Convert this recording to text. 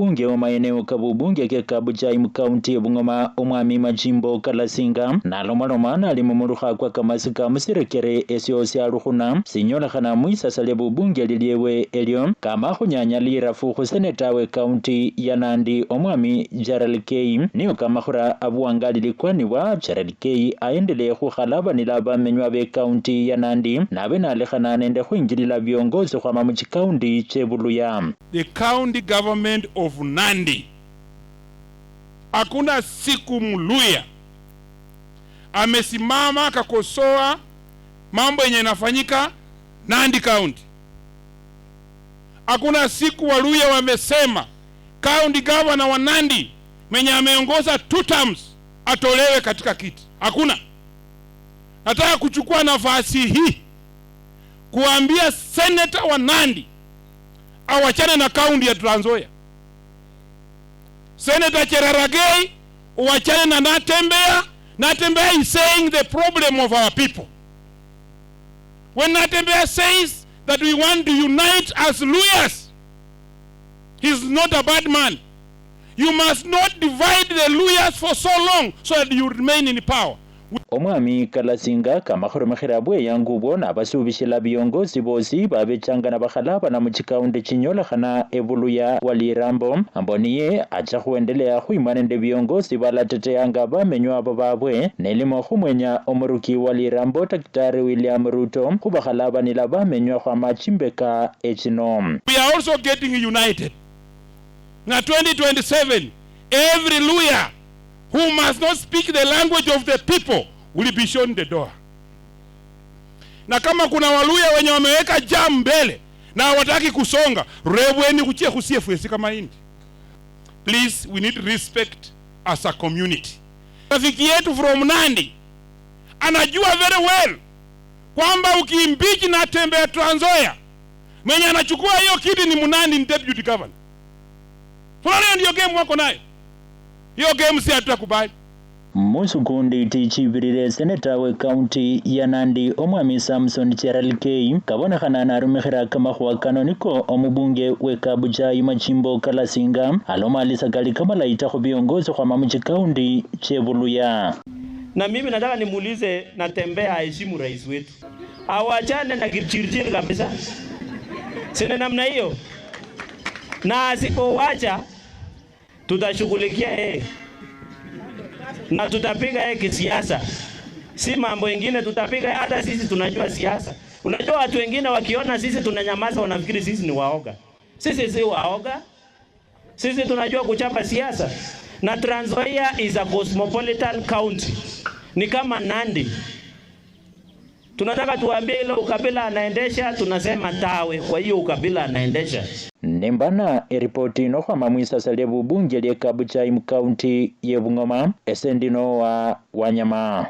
bunge wa maeneo kabubunge kikabu cha ya ebung'oma omwami majimbo kalasinga nalomwaloma nalimumulukhakwa kamasi ka musirekere esyo syalukhuna sinyolekhana mwisasa lya bubunge liliewe elyo kama khunyanya lirafu khuseneta kaunti ya nandi omwami gerald kei niyo kamakhura abuwangali likwanibwa gerald key aendelee khukhalabanila abamenywa kaunti ya nandi nabe nalekhana nende khwinjilila byongosi khwama muchikaundi chebuluya the county government of of Nandi. Hakuna siku Mluya amesimama akakosoa mambo yenye inafanyika Nandi County. Hakuna siku Waluya wamesema county governor wa Nandi mwenye ameongoza two terms atolewe katika kiti. Hakuna. Nataka kuchukua nafasi hii kuambia seneta wa Nandi awachane na kaunti ya Trans Nzoia. Senator Cheraragei, uachane na Natembeya. Natembeya is saying the problem of our people. When Natembeya says that we want to unite as Luyas, he's not a bad man. You must not divide the Luyas for so long so that you remain in power. omwami kalasinga kamakhurumikhila bweyangu bwo nabasubisila biongozi bosi babechanga nabakhalabana muchikaundi chinyolekhana ebuluya walirambo ambo niye acha khuendelea khwima nende biongosi balateteyanga bamenywa abo babwe nelimo khumwenya omuruki walirambo takitari william ruto khubakhalaabanila bamenywa khwama chimbeka echino we are also getting united na 2027 every luya who must not speak the language of the people will be shown the door. Na kama kuna waluya wenye wameweka jam mbele na hawataki kusonga, rebweni kuchia fuesi kama hindi. Please, we need respect as a community. Rafiki yetu from Nandi anajua very well kwamba ukiimbiki na tembea Trans Nzoia mwenye anachukua hiyo kiti ni Mnandi, ni deputy governor fulani, ndio game wako nayo hiyo game si hatutakubali musukundi tichivirire seneta we kaunti ya nandi omwami samson cheralkei kabonekhana narumikhira kamakhwa kano niko omubunge we kabuchai machimbo kalasinga alomalisa kali kamalaita khubiongozi khwama muchikaundi chebuluya na mimi nataka nimuulize natembea aheshimu rais wetu awachane na kipchirchiri kabisa sine namna hiyo na asipowacha tutashughulikia yeye na tutapiga yeye kisiasa, si mambo ingine Tutapiga hata sisi tunajua siasa. Unajua watu wengine wakiona sisi tunanyamaza, wanafikiri sisi ni waoga. Sisi si waoga, sisi tunajua kuchapa siasa. Na Trans Nzoia is a cosmopolitan county, ni kama Nandi. Tunataka tuambie ile ukabila anaendesha, tunasema tawe. Kwa hiyo ukabila anaendesha nembana eripoti inohwama mwisasa lye bubunge lye kabu cha kaunti ye bungoma ese wanyama